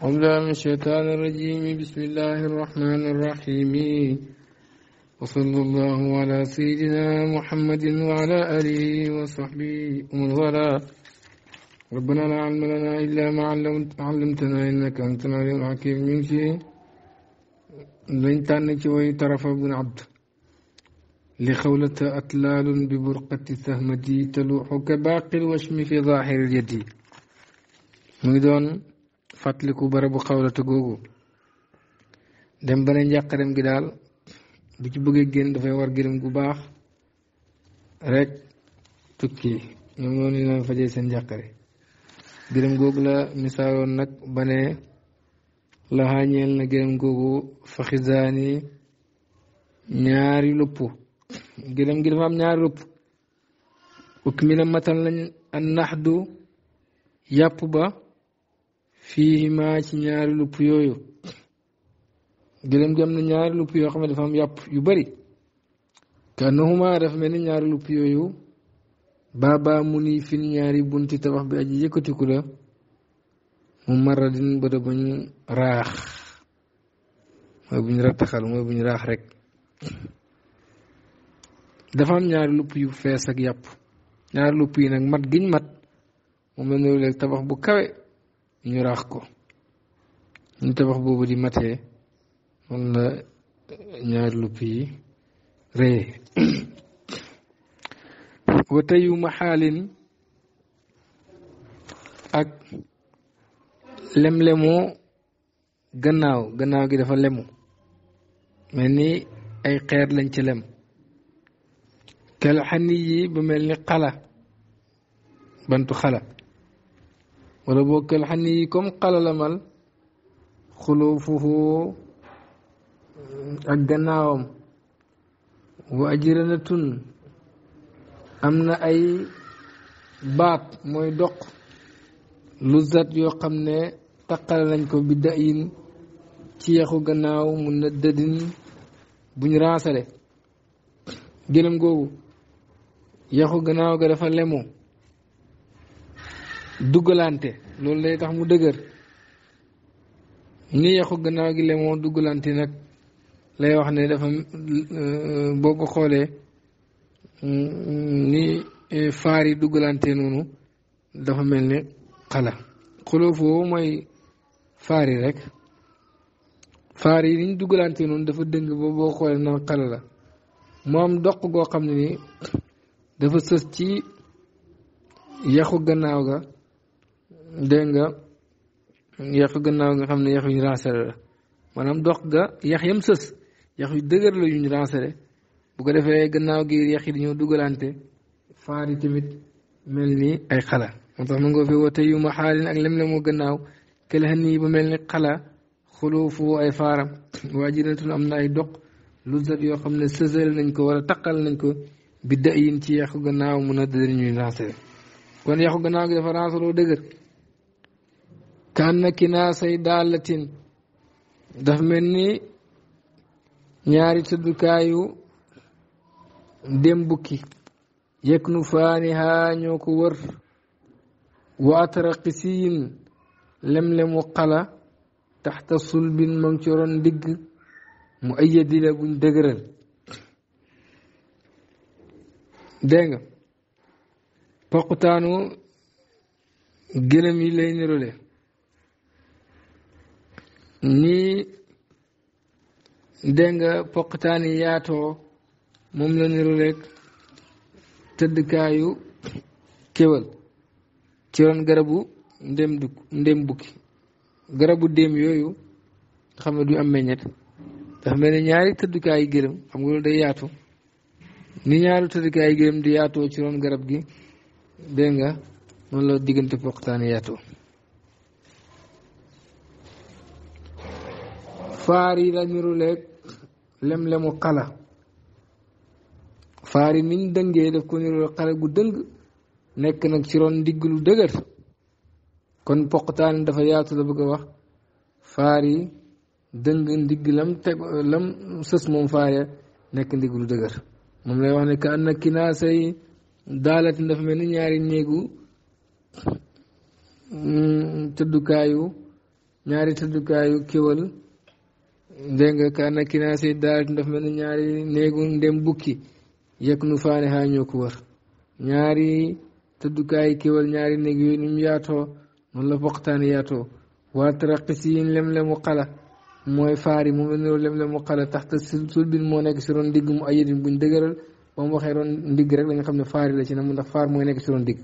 أعوذ من الشيطان الرجيم بسم الله الرحمن الرحيم وصلى الله على سيدنا محمد وعلى آله وصحبه ومن والاه ربنا لا علم لنا إلا ما علمتنا إنك أنت العليم الحكيم من شيء لن طرف بن عبد لخولة أتلال ببرقة سهمتي تلوح كباقي الوشم في ظاهر اليد ميدون fàttaliku barabu xawlata googu dem ba ne gi daal bu ci bëggee génn dafay war gërëm gu baax rek tukki ñoom noonu ñu doon fajee seen njàqare gërëm googu la misaaloon nag ba ne laxaa ñeel na gërëm googu faxisaani ñaari lëpp gërëm gi dafa am ñaari lëpp ukk mi na matal nañ an naxdu yàpp ba fihima ma ci ñaari lupp yooyu gëlëm gi am na ñaari lupp yoo xam ne dafa am yàpp yu bari kannahuma dafa mel ni ñaari lupp yooyu baaba mu ni fi ñaari bunti tabax bi aji yëkkatiku la mu maradin ba da bañ raax mooy buñ mooy buñ raax rek dafa am ñaari lupp yu fees ak yàpp ñaari lupp yi nag mat giñ mat moom la tabax bu kawe ñu rax ko ñu tabax boobu di matee man na ñaar lupp yi rëye wa teyu ak lem gannaaw gannaaw gi dafa lemu mel ni ay xeer lañ ci lem kel xani yi ba mel ni xala bantu xala wala boo kël yi comme xalalamal xulufuhu ak gannaawam wa ajirana tun am na ay baat mooy doq lu zat yoo xam ne taqale nañ ko bi dayin ci yaxu gannaaw mun na dëdin buñ raasale gëlëm googu yaxu gannaaw ga dafa lemo duggalante loolu lay tax mu dëgër ni yaxu gannaaw gi le duggalante nag lay wax ne dafa euh, boo ko xoolee ni euh, faar yi duggalante noonu dafa mel ni xala xoloofoo mooy faar yi rek faar yi niñ duggalante noonu dafa dëng boo xoolee nan xala la am doq goo xam ne ni dafa sës ci yaxu gannaaw ga dégg nga yàq gannaaw nga xam ne yàq yuñ ransere la maanaam dox ga yàq yam sës yàq yu dëgër la yuñ ransere bu ko defee gannaaw gi yàq yi dañoo dugalante faar yi tamit mel ni ay xalaa moo tax mën nga fi woote yu ma xaalin ak lem la moo gannaaw kële xan nii ba mel ni xala xuluufu ay faaram waa jiratun am na ay doq lu sat yoo xam ne sësal nañ ko wala taqal nañ ko bi da yin ci yàqu gannaaw mun a dëgër ñuy ransere kon yàqu gannaaw gi dafa ranseroo dëgër kaana kinaasay daalatin daf mel ni ñaari tuddukaayu dem bukki yëg nu faani haa ñoo ko wër wa atraqi siin lemlemu xala taxta sulbin ma ngi ndigg mu ayyadi la guñ dëgëral dégg nga poqutaanu gëlëm yi lay nirole nii dégg nga poqtaan yi yaatoo moom la niru rek tëddkaayu kéwal ci ron garabu ndem duk ndem bukki garabu déem yooyu xam ne du am meññet dafa mel ne ñaari tëddkaayu gërëm xam nga loolu day yaatu ni ñaari tëddkaayu gërëm di yaatoo ci ron garab gi dégg nga noonu la diggante poqtaan yaato faari la niruleeg lem-lemu xala faari niñ dëngee daf ko niruleeg xala gu dëng nekk nag ci ron ndigg lu dëgër kon poqtaan dafa yaatu la bëgg a wax faari dëng ndigg lam teg lam sës moom faare nekk ndigg lu dëgër moom lay wax ne ka an na kinaasay daalatin dafa mel ñaari néegu mm, tëddukaayu ñaari tëddukaayu kéwal dégg nga kaana kinaasi daal daf mel ni ñaari néegu ndem bukki yekk nu faane xaa ñoo ko wër ñaari tëddukaay kéwal ñaari néeg yooyu ni mu yaatoo noonu la foqtaan yaatoo waa taraqi si yin lem-lemu xala mooy faar yi moom la niroo lem-lemu xala taxta sulbin moo nekk si roon digg mu ayidin buñ dëgëral ba mu waxee roon ndigg rek la nga xam ne faar yi la na mu ndax faar mooy nekk si roon digg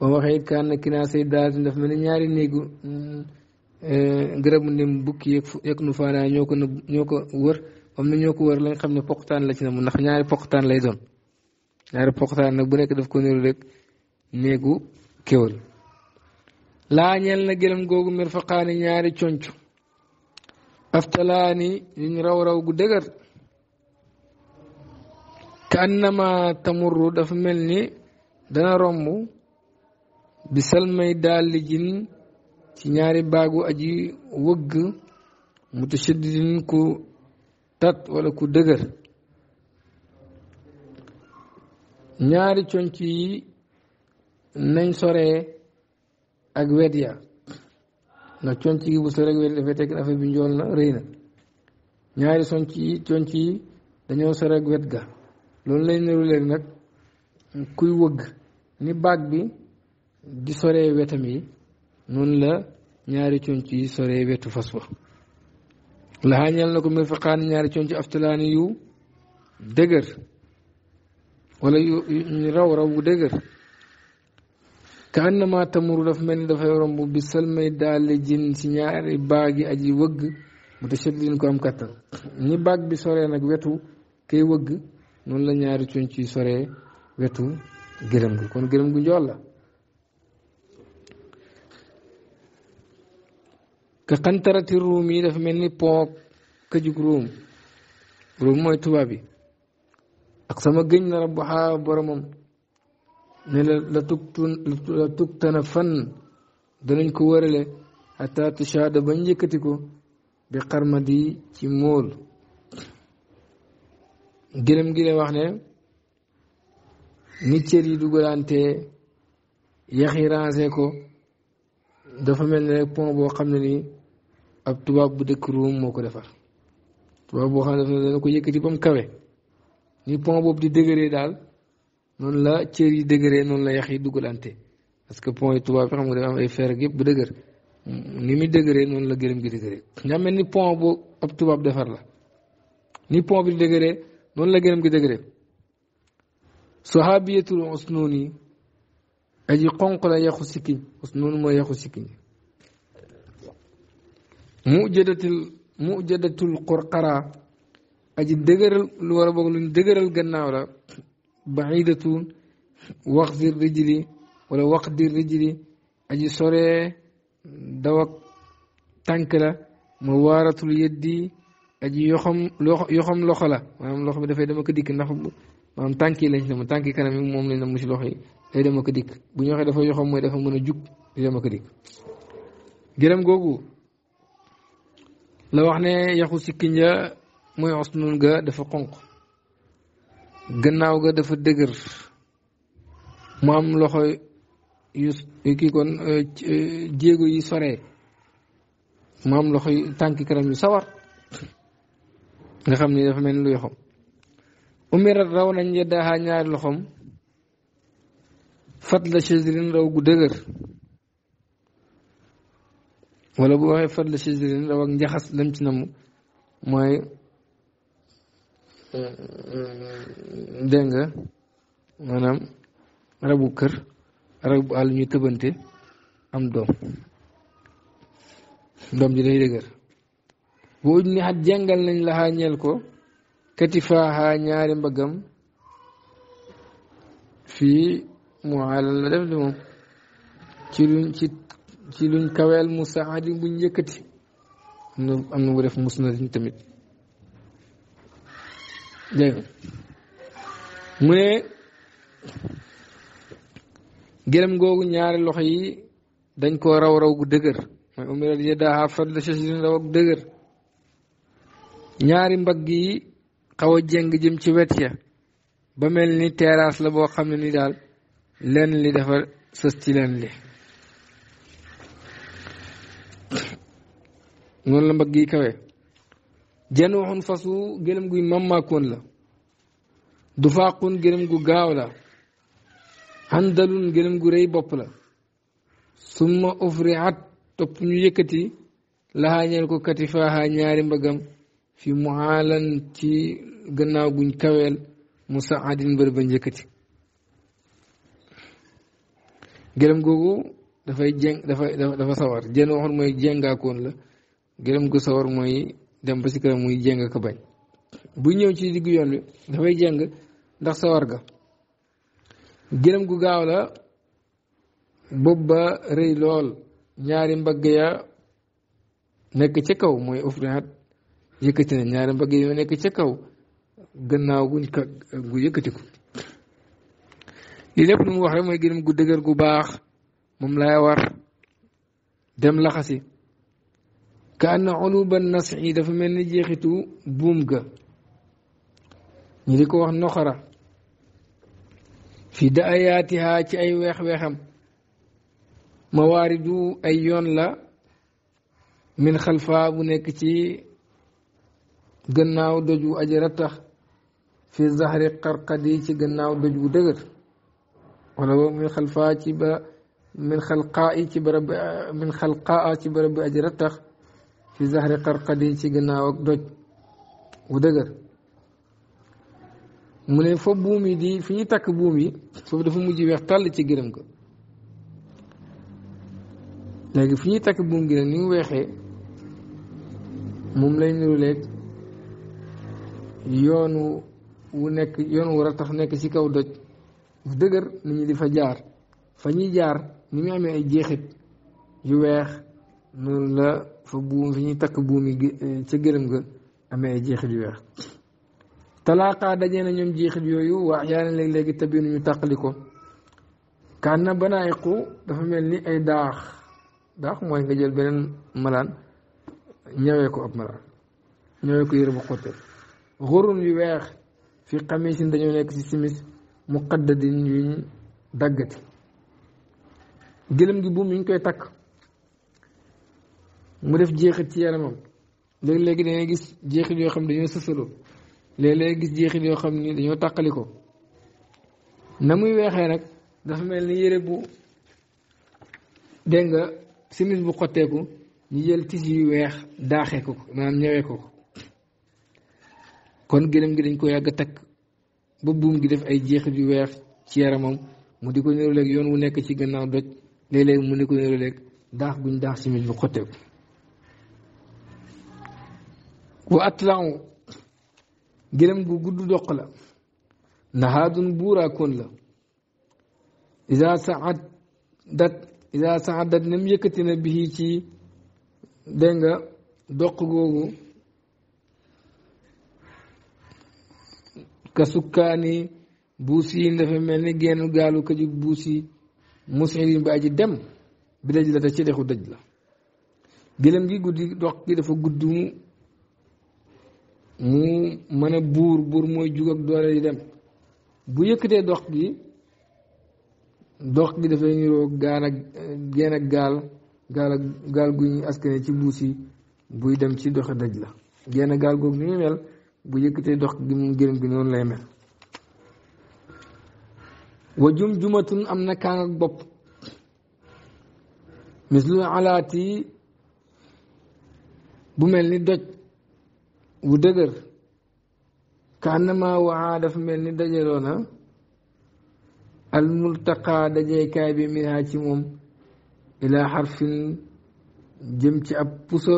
ba ma waxee it kaan na kinaasa yi daal daf mel ni ñaari néegu mm, eh, garabu ndim bukki yeeg nu faana ñoo ko ñoo ko wër am na ñoo ko wër lañ xam ne poqtaan la ci na mu ndax ñaari poqtaan lay doon ñaari poqtaan nag bu nekk daf ko niru rek néegu kéwal laa ñeel na googu mir faqaani ñaari conc aftalaani yuñ raw raw gu dëgër ka annama tamurru dafa mel ni dana romb bi salmay daalijin ci ñaari baagu aji wëgg mutashaddidin ku tat wala ku dëgër ñaari conc yi nañ sore ak wet ya ndax conc yi bu soree ak wet ya dafay tekk affaire bi njool na rëy na ñaari conc yi conc yi dañoo soree ak wet ga loolu lay niru léegi nag kuy wëgg ni baag bi di soree wetam yi noonu la ñaari conc yi soree wetu fas wa laxaa na ko mirfaqaan ñaari conc aftilaani yu dëgër wala yu raw raw bu dëgër ka annama tamuru dafa mel ni dafay romb bi salmay daali jin ci ñaari baagi aji wëgg mu tashadidin ko am kattan ñi baag bi soree nag wetu kay wëgg noonu la ñaari conc yi sore wetu gërëm gi kon gërëm gu njool la ka xantarati ruum yi dafa mel ni poog këjug ruum ruum mooy tubaab ak sama gëñ na rab waxaa boromam ne la la tuktun la fan danañ ko wërale hatta tushaada bañ yëkkati ko bi xarmadi ci móol gërëm gi wax ne ni cër yi dugalante yax yi rancé ko dafa mel ni rek pont boo xam ne nii ab tubaab bu dëkk Ruum moo ko defar tubaab boo xam ne dana ko yëkkati ba kawe ni pont boobu di dëgëree daal noonu la cër yi dëgëree noonu la yax yi duggalante parce que pont yi tubaab xam nga dafa ay fer ak bu dëgër ni muy dëgëree noonu la gërëm gi dëgëree. nga mel ni pont bu ab tubaab defar la ni pont bi di dëgëree noonu la gërëm gi dëgëree sahabiyatul usnuni aji xonq la yaxu sikkiñ usnun mooy yaxu sikkiñ mujadatul mujadatul qurqara aji dëgëral lu war a boog luñ dëgëral gannaaw la baidatu waqdir rijli wala waqdir rijli aji soree daw ak tànk la mu waaratul yeddi aji yoxam yoxam loxo la maanaam loxo bi dafay dama ko dikk ndax maanaam tànk yi lañ ma tànk yi moom lañ nam mu si loxo yi day dama ko dikk bu ñu waxee dafa yoxam mooy dafa mën a jug di dama ko dikk gërëm googu la wax ne yaxu sikkiñ ja mooy osnul ga dafa xonq gannaaw ga dafa dëgër mu am loxo yu kii kon euh, euh, jéego yi sore mu am loxo yi tànki kanam yu sawar nga xam ni dafa mel ni lu yoxom umirat raw nañ yeddaxaa ñaari loxom fat la chesrin raw gu dëgër wala bu waxee fadla chijrin raw ak njaxas lam ci namu mooy euh, dégg nga maanaam bu kër bu àll ñuy tëbante am doom doom ji day dëgër boo uj ni xat jàngal nañ la xaa ñeel ko katifaaxa ñaari mbagam fii mu xaalal la def di moom ci luñ ci ci luñ kaweel musaadin buñ yëkkati am na am na bu def musnadin tamit mu ne gërëm googu ñaari loxo yi dañ koo raw raw gu dëgër mooy umiral yadaha fadla shashin raw gu dëgër ñaari mbagg yi xaw a jeng jëm ci wet ya ba mel ni teraas la boo xam ne ni daal lenn li dafa sës ci lenn li noonu la mbagg yi kawe jenn waxun fasu gëlëm guy mammaakoon la du faaqun gëlëm gu gaaw la xandalun gëlëm gu rëy bopp la summa ufrihat topp ñu yëkkati laxaa ñeel ko katifaaha ñaari mbagam fi muhaalan ci gannaaw guñ kaweel musaadin bër bañ yëkkati gëlëm googu dafay jeng dafa dafa sawar jenn waxun mooy jengaakoon la gëlëm gu sawar mooy dem ba si kanam muy jéng ko bañ bu ñëw ci diggu yoon wi dafay jéng ndax sawar ga gëlëm gu gaaw la bopp ba rëy lool ñaari mbagg ya nekk ca kaw mooy ofnaat yëkkati na ñaari mbagg yoo nekk ca kaw gannaaw guñ gu yëkkati ko lii lépp lu mu wax rek mooy gëlëm gu dëgër gu baax moom laay war dem laxasi كان علوب النصع دا فمن جيختو بومغا نيديكو واخ نخرا في دعياتها تي اي ويخ ويخم مواردو اي يون لا من خلفا بو نيك تي گناو دجو اجرتخ في الزهر قرقدي تي گناو دجو دغت ولا من خلفا تي با من خلقاء تي برب من خلقاء تي برب اجرتخ في زهر قرقدي تيغنا وكدوج ودغر مني فبومي دي في تاك بومي فوف دافو موجي ويخ تال تي غيرم كو لغي في تاك بوم غي نيو ويخه موم لاي نيرو ليك يونو و نيك يونو ورا تخ نيك سي كاو دوج دغر نيني دي فا جار فاني جار نيمي امي اي جيخيت يو ويخ نون لا fa buum fi ñuy takk buum yi eh, ca gëlëm ga amee ay jeexit yu weex talaaqaa dajee na ñoom jeexit yooyu waa yaa léeg-léegi tabiinu ñu tàqali ko kaan na banaay dafa mel ni ay daax daax mooy nga jël beneen malaan ñëwee ko ab malaan ñëwee ko yëre bu xotteel xurun yu weex fi xamisin dañoo nekk ci simis muqaddadin yuñ daggati gëlëm gi buum yi ñu koy takk mu def jeexit ci yaramam léegi-léegi dangay gis jeexit yoo xam ne dañoo sësaloo léeg-léeg gis jeexit yoo xam ni dañoo tàqali ko na muy weexee nag dafa mel ni yére bu dégg nga simis bu xotteeku ñu jël tisi yu weex daaxe ko maanaam ñëwee ko kon gëlëm gi dañ ko yàgg takk ba buum gi def ay jeexit yu weex ci yaramam mu di ko niruleeg yoon wu nekk ci gannaaw doj léeg mu ne ko niruleeg daax guñ daax simis bu xotteeku wa atlan gëlëm gu gudd doq la nahaadun buuraakoon la isa saadat isa saadat nem yëkkati na bii ci dégg nga doq googu ka sukkaani buus yi dafa mel ni genn gaalu ka jug buus yi musili ba dem bi daj la te ci dexu daj la gëlëm gi guddi gi dafa gudd mu mu mën a buur buur mooy jug ak doole di dem bu yëkkatee dox gi dox gi dafay niroo gaal ak geen gaal gaal ak gu ñuy askane ci buus yi buy dem ci doxe daj la genn gaal googu ni muy mel bu yëkkatee dox gi mu gërëm gi noonu lay mel wa jum am na kaang ak bopp mislu alaati bu mel ni doj wu dëgër kaanama waxaa dafa mel ni dajaloo na almultaqa dajeekaay bi minha ci moom ilaa xarfin jëm ci ab pusa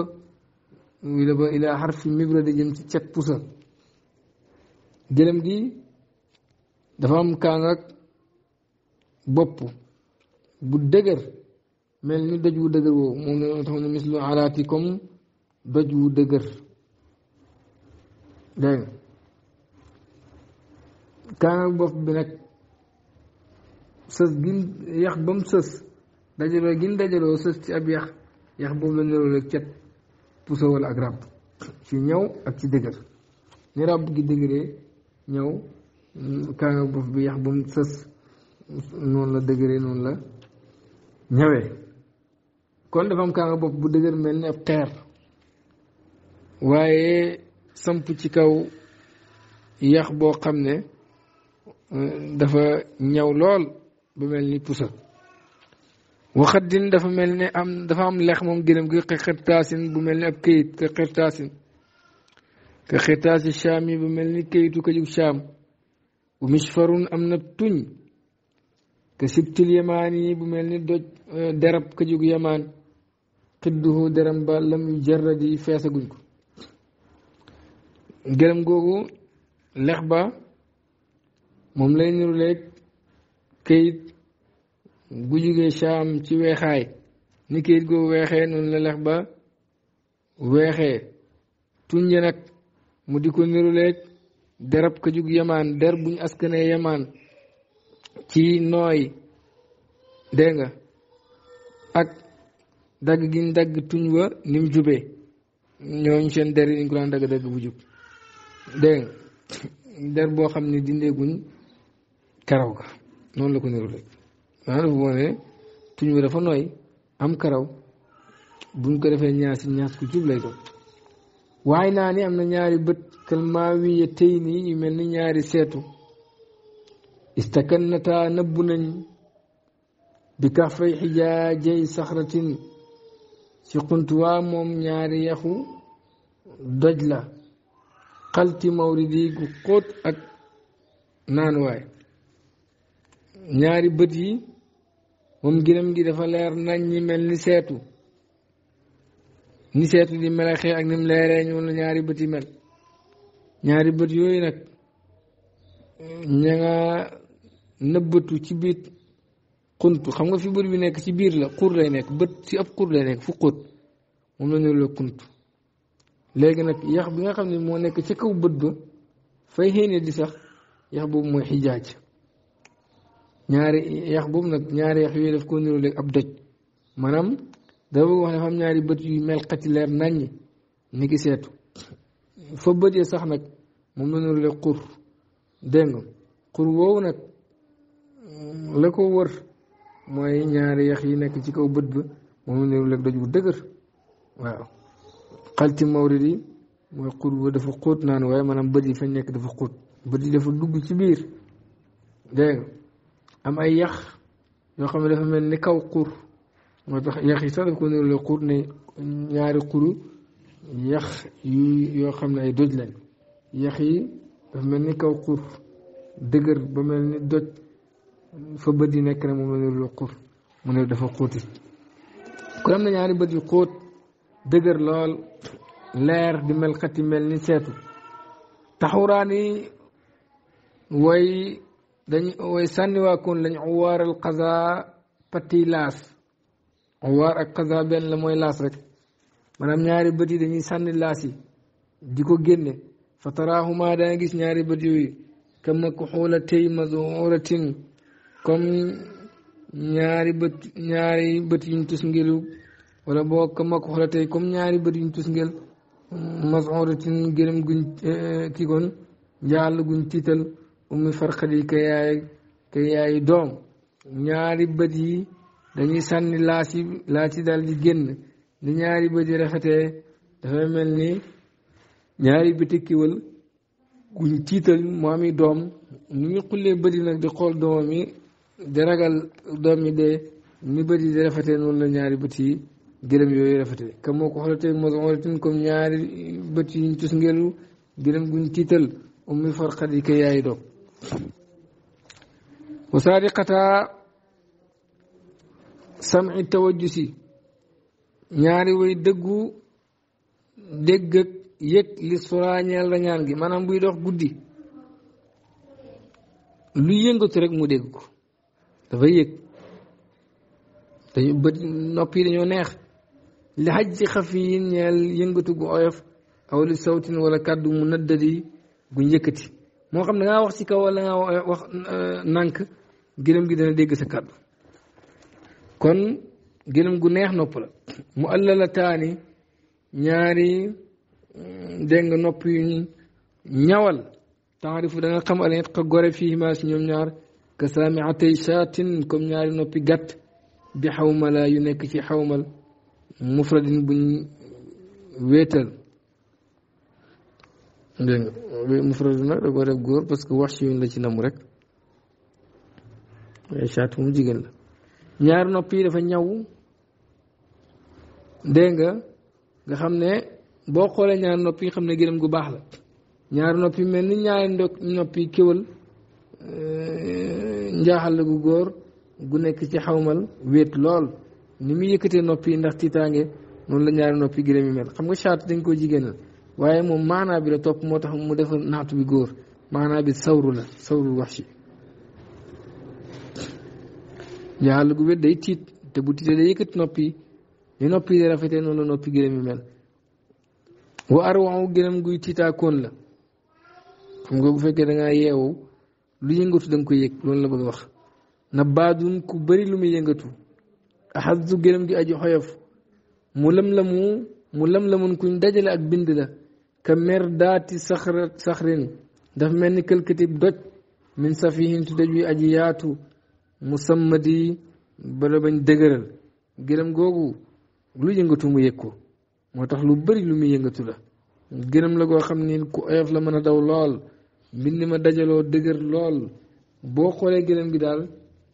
muy la ba ilaa xarfin mibra di jëm ci cet pusa gëlëm gi dafa am kaan ak bopp bu dëgër mel ni daj wu dëgër woowu moom la tax ne mislu alaati comme doj wu dëgër kaa nga kaanam bi nag sës gin yax ba mu sës dajaloo gin dajaloo sës ci ab yax yax boobu la neroo rek cet puso wala ak ràbb ci ñëw ak ci dëgër ni ràbb gi dëgëree ñëw kaanam bopp bi yax ba mu sës noonu la dëgëree noonu la ñëwee kon dafa am kaanam bopp bu dëgër mel ni ab xeer waaye samp ci kaw yax boo xam ne euh, dafa ñaw lool ba mel ni pusa waxat din dafa mel ni am dafa am lex moom gëlëm gi xertaasin bu mel ni ab këyit ka xertaasin shaam bu mel ni këyitu ko jug shaam am na tuñ te sibtil yamaan yi bu mel ni doj euh, derab ko jug yamaan xidduhu deram ba lam yu feesaguñ ko gërëm googu lex ba moom lay niru leeg këyit gu jugee saam ci weexaay ni këyit googu weexee noonu la lex ba weexee tuñ ya nag mu di ko niru leeg derab ka jug yamaan der buñ askanee yamaan ci nooy dégg nga ak dagg giñ dagg tuñ wa nim jubee ñooñu seen der yi dañ ko daan dagg dagg bu jub dégg der boo xam ne dindeeguñ karaw ga noonu la ko niru rek maanaam dafa wone tuñ bi dafa nooy am karaw buñ ko defee ñaas ñaas ku jub lay waaye naa ni am na ñaari bët kalmaa wi ya tey nii yu mel ni ñaari seetu istakan nataa nëbbu nañ bi kafay xijaajay saxratin si xuntuwaa moom ñaari yaxu doj la xalti mawridi gu xóot ak naanuwaay ñaari bët yi moom gëlëm gi dafa leer nañ ñi mel ni seetu ni seetu di melaxee ak ni leeree ñoom ñaari bët yi mel ñaari bët yooyu nag ña nga nëbbatu ci biit xunt xam nga fi bët bi nekk ci biir la xur lay nekk bët ci ab xur lay nekk fu xóot moom la ñu la kunt léegi nag yax bi nga xam ne moo nekk ci kaw bët ba fay xéene di sax yax boobu mooy xijaaj ñaari yax boobu nag ñaari yax yooyu daf ko niróo léegi ab doj maanaam dafa bëgg wax ne xam ñaari bët yu mel xati leer naññi ni ki seetu fa yi sax nag moom la niróo léegi xur dégg nga xur woowu nag la ko wër mooy ñaari yax yi nekk ci kaw bët ba moom la niróo léegi doj bu dëgër waaw قلت موردي ويقول ما دافو قوت نان واي مانام بدي فا نيك دافو قوت بدي دافو دوبي سي بير دايغ ام اي يخ يو خامي دافو ملني كاو قور ما تخ يخي سا دافو كون لو قور ني نياري قورو يخ يو يو خامي اي دوج لاني يخي دافو ملني كاو قور دغر با ملني دوج فا بدي نيك مو ملني لو قور مو نيو دافو قوتي كلام نياري بدي قوت دغر لول leer di mel xati mel ni seetu taxuraani way dañ way sànniwaakoon lañ awaaral xasaa patti laas awaar ak xasaa benn la mooy laas rek maanaam ñaari bët yi dañuy sanni laas yi di ko génne fataraahuma danga gis ñaari bët yooyu kama ku xoola tey mazuratin ñaari bët ñaari bët yuñ tus ngelu wala boo kama ku xoola comme ñaari bët yuñ tus ngel mas'uuratin gërëm guñ eh, kii kon jàll guñ tiital ummi farxadi ka yaay ka yaay doom ñaari bët yi dañuy sànni laa ci laa ci dal di génn ni ñaari bët yi rafetee dafay mel ni ñaari bëti kiwal guñ tiital mu ami doom nu ñu xullee bët yi nag di xool doomam yi di ragal doom yi de ni bët yi di rafetee noonu la ñaari bët yi gërëm yooyu rafete kam moo ko xoolatee mosolatin comme ñaari bët yuñ tus ngelu gërëm guñ tiital ummi farxat yi ko yaay dog wasaari xataa sami tawaju si ñaari way dëggu dégg ak yëg li soraañeel la gi maanaam buy dox guddi lu yëngatu rek mu dégg ko dafa yëg dañu bët nopp yi dañoo neex li xaj ci xafiyin ñeel yëngatu gu oyof aw li sawtin wala kàddu mu naddadi gu njëkkati moo xam da ngaa wax ci kaw wala nga wax euh, nànk gi dana dégg sa kàddu kon gëlëm gu neex nopp la mu allala taani ñaari mm, dégg nga nopp yu ñawal taarifu da xam al itqa gore fii ma si ñoom ñaar ka saamiatay saatin comme ñaari noppi gàtt bi xawmala yu nekk ci xawmal mufradin buñ wéetal dégg nga mufradin da koo def góor parce que wax si yoon la ci namu rek waaye chaat moom jigéen la ñaari nopp yi dafa ñaw dégg nga nga xam ne boo xoolee ñaari nopp yi xam ne gërëm gu baax la ñaari nopp yi mel ni ñaari ndo nopp yi kéwal euh, njaaxal la gu góor gu nekk ci xawmal wéet lool ni muy yëkkatee nopp yi ndax tiitaange noonu la ñaari noppi gërëm yi mel xam nga caatu dañ koo jigéenal waaye moom maanaa bi la topp moo tax mu defal naatu bi góor maanaa bi sawru la sawrul wax ci jaaxal gu wét te bu noppi ni noppi yi noonu noppi gërëm yi mel wa ar waxu gërëm guy tiitaakoon la xam nga bu fekkee da ngaa yeewu lu yëngatu da nga koy yëg loolu la bëgg a wax na baadum ku bëri lu muy yëngatu xaddu gëlëm gi aji xoyof mu lam la mu mu lam la lamun kuñ dajale ak bind la ka mer daati saxra saxrin daf mel ni këlkatib doj min safihin ci doj wi aji yaatu musammadi bala bañ dëgëral gëlëm googu lu yëngatu mu yëg ko moo tax lu bëri lu muy yëngatu la gëlëm la koo xam ni ku oyof la mën a daw lool mbind ma dajaloo dëgër lool boo xoolee gëlëm gi daal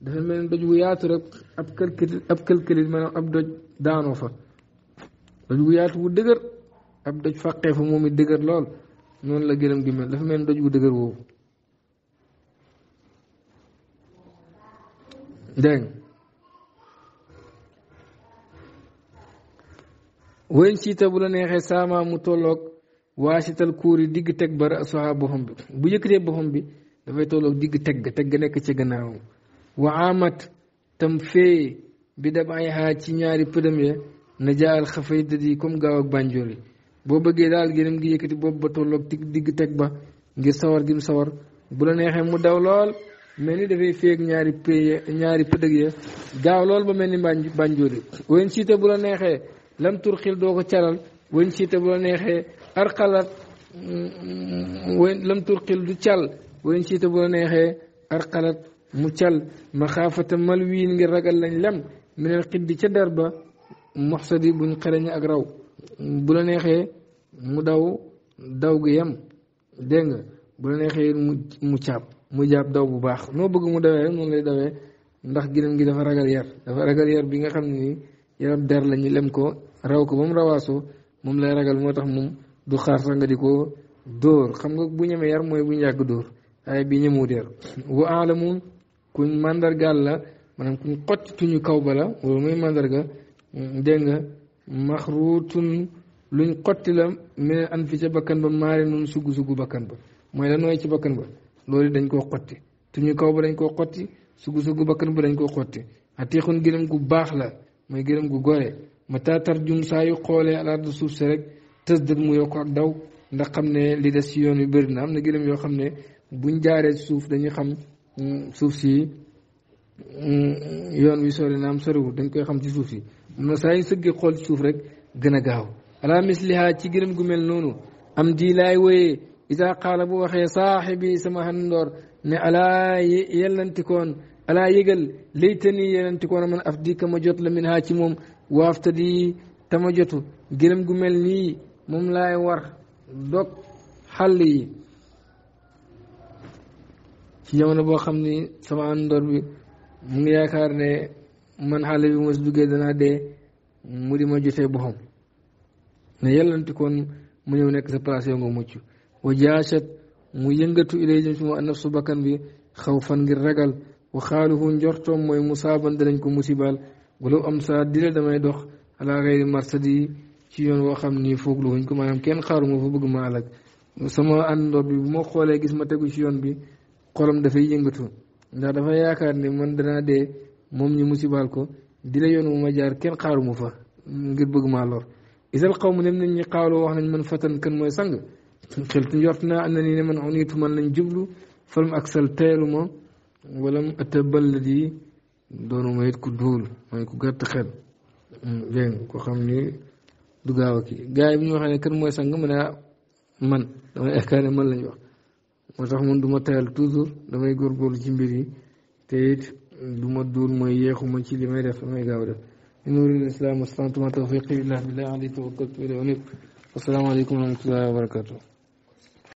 dafa mel ni doj wu yaatu rek ab calcul ab calcul maanaam ab doj daanoo fa doj bu yaatu bu dëgër ab doj fàqee fa moom it dëgër lool noonu la gëlëm gi mel dafa mel doj bu dëgër woowu dégg wëñ siita bu la neexee saama mu tolloog waasital kuur yi digg teg bara soxaa boppam bi bu yëkkatee boppam bi dafay tolloog digg teg teg nekk ci gannaawam wa tam fee bi dab ay ci ñaari pëdam ya na jaal xafay dëddi comme gaaw ak bànjool yi boo bëggee daal gënam gi yëkkati boobu ba tolloog tig digg teg ba ngir sawar gi mu sawar bu la neexee mu daw lool mel ni dafay feeg ñaari ñaari pëdëg ya gaaw lool ba mel ni bànj bànjool yi wen siita bu la neexee lam xiil doo ko caral wen siita bu la neexee arxalat mm, mm, wen lam tur du cal wen siita bu la neexee arxalat mu cal maxaafata mal wiin ngir ragal lañ lem meneen xiddi ca der ba moxsadi buñ xereñ ak raw bu la neexee mu daw daw gi yem dégg nga bu la neexee mu mu caab mu jàpp daw bu baax moo bëgg mu dawee rek noonu lay dawee ndax ginnaaw gi dafa ragal yar dafa ragal yar bi nga xam ni nii yaram der la ñu lem ko raw ko ba mu rawaasoo moom lay ragal moo tax moom du xaar sax nga di ko dóor xam nga bu ñemee yar mooy bu ñu yàgg dóor waaye bi ñemoo deer wa aalamun kuñ màndargaal la maanaam kuñ xocc tuñu kaw ba la loolu mooy màndarga dégg nga maxruutun luñ xotti la mais an fi ci bakkan ba maari nun sugg sugg bakkan ba mooy la nooy ci bakkan ba loolu dañ koo xotti tuñu kaw ba dañ koo xotti sugg sugg bakkan ba dañ koo xotti atiixun gërëm gu baax la mooy gërëm gu gore ma taatar jum saa yu xoolee alaardu suuf si rek tës dëgg mu yokk ak daw ndax xam ne li des si yoon yu bëri na am na gërëm yoo xam ne buñ jaaree suuf dañuy xam Mm, suuf si mm, yoon wi sori naam soriwul dañ koy xam ci suuf si mun na saa yu sëggee xool suuf rek gën a gaaw ala misliha ci gërëm gu mel noonu am di laay wooyee isa xaala bu waxee saaxibi sama xandoor ne alaa yellantikoon alaa yëgal laytani yellantikoon man af di ka ma jot la min haa ci moom waafta di tama jotu gërëm gu mel nii moom laay war dog xàll yi ci jamono boo xam ni sama àndoor bi mu ngi yaakaar ne man xale bi ma si danaa dee mu di ma jotee boppam ne yellanti kon mu ñëw nekk sa place yow nga mucc wa jaashat mu yëngatu ilay jëm si mu annaf su bakkan bi xaw fan ngir ragal wa xaaluhu njortoom mooy musaaban danañ ko musibal wala am saa dila damay dox ala gayri marsadi ci yoon woo xam ni foog lu wuñ ko maanaam kenn xaaru ma fa bëgg ma alak sama àndoor bi moo xoolee gis ma tegu ci yoon bi xolam dafay yëngatu ndax dafa yaakaar ni man danaa dee moom ñu musibaal ko di la yoon mu ma jaar kenn xaaru fa ngir bëgg maa lor isal xaw mu nem nañ wax nañ man fatan kan mooy sang xeltu njort naa am ne man oniitu man lañ jublu falam ma walam ëtta ball di doonu ma ku duul ku gàtt hmm, ko xam gaaw a yi bu ñu waxee ne kan mooy sang mu ah, man damay yaakaar ne man lañ wax moo tax man du ma tayal toujours damay góorgóorlu ci mbir yi te it ma duur mooy yéexuma ci li may def damay gaaw def in uriidu al-islaah ma stata'tu wa ma tawfiiqii illaa billaah alayhi tawakkaltu wa ilayhi asalaamaaleykum wa rahmatullaahi